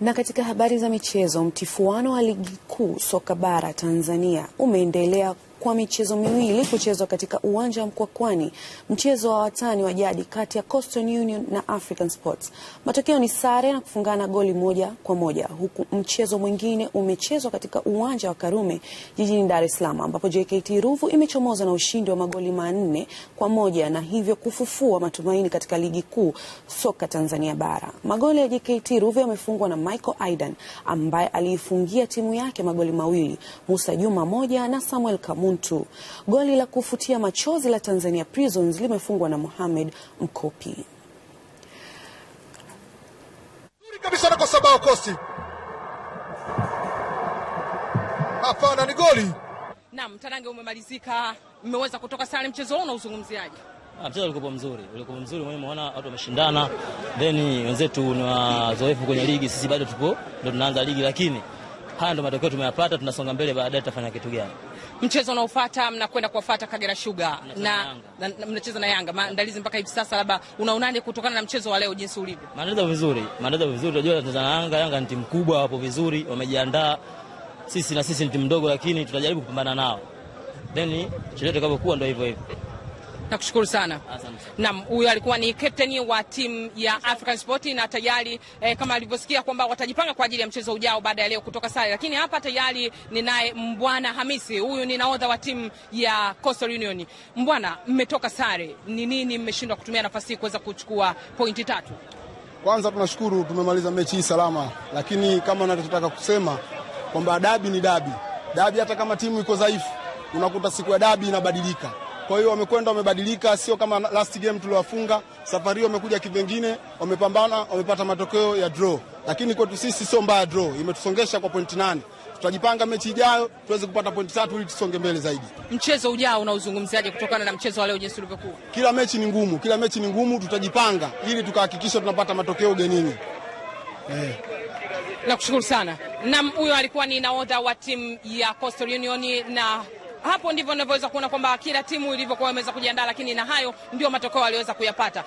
Na katika habari za michezo, mtifuano wa ligi kuu soka bara Tanzania umeendelea kwa michezo miwili kuchezwa katika uwanja wa Mkwakwani, mchezo wa watani wa jadi kati ya Coastal Union na African Sports. Matokeo ni sare na kufungana goli moja kwa moja, huku mchezo mwingine umechezwa katika uwanja wa Karume jijini Dar es Salaam, ambapo JKT Ruvu imechomoza na ushindi wa magoli manne kwa moja na hivyo kufufua matumaini katika ligi kuu soka Tanzania Bara. Magoli ya JKT Ruvu yamefungwa na Michael Aidan ambaye aliifungia timu yake magoli mawili, Musa Juma moja na Samuel Kamun mtu. Goli la kufutia machozi la Tanzania Prisons limefungwa na Mohamed Mkopi. Kabisa nakosa bao kosi. Hapana, ni goli. Naam, Tanange, umemalizika, mmeweza kutoka sare. Mchezo huu unauzungumziaje? Ah, mchezo ulikuwa mzuri, ulikuwa mzuri Mimi umeona watu wameshindana, then wenzetu ni wazoefu kwenye ligi, sisi bado tupo, ndo tunaanza ligi lakini Haya ndio matokeo tumeyapata, tunasonga mbele, baadaye tutafanya kitu gani? Mchezo unaofuata mnakwenda kuwafuata Kagera Sugar na, na, na mnacheza na Yanga. Maandalizi mpaka hivi sasa, labda unaonaje kutokana na mchezo wa leo jinsi ulivyo? Maandalizi vizuri, maandalizi vizuri. Unajua tunacheza na Yanga, Yanga ni timu kubwa, wapo vizuri, wamejiandaa. Sisi na sisi ni timu ndogo, lakini tutajaribu kupambana nao, then chochote kitakapokuwa ndio hivyo hivyo. Nakushukuru sana. Naam, huyo alikuwa ni captain wa timu ya African Sport na tayari eh, kama alivyosikia kwamba watajipanga kwa ajili ya mchezo ujao baada ya leo kutoka sare, lakini hapa tayari ninaye Mbwana Hamisi, huyu ni nahodha wa timu ya Coastal Union. Mbwana, mmetoka sare, ni nini mmeshindwa kutumia nafasi hii kuweza kuchukua pointi tatu? Kwanza tunashukuru tumemaliza mechi hii salama, lakini kama natotaka kusema kwamba dabi ni dabi. Dabi hata kama timu iko dhaifu, unakuta siku ya dabi inabadilika kwa hiyo wamekwenda wamebadilika, sio kama last game tuliwafunga. Safari hiyo wamekuja kivengine, wamepambana, wamepata matokeo ya draw, lakini kwetu sisi sio mbaya draw, imetusongesha kwa pointi nane. Tutajipanga mechi ijayo tuweze kupata pointi tatu ili tusonge mbele zaidi. Mchezo ujao unauzungumziaje kutokana na mchezo wa leo jinsi ulivyokuwa? Kila mechi ni ngumu, kila mechi ni ngumu, tutajipanga ili tukahakikisha tunapata matokeo ugenini. Eh. Nakushukuru sana. Nam huyo alikuwa ni nahodha wa timu ya Coastal Union na hapo ndivyo ninavyoweza kuona kwamba kila timu ilivyokuwa imeweza kujiandaa, lakini na hayo ndio matokeo aliyoweza kuyapata.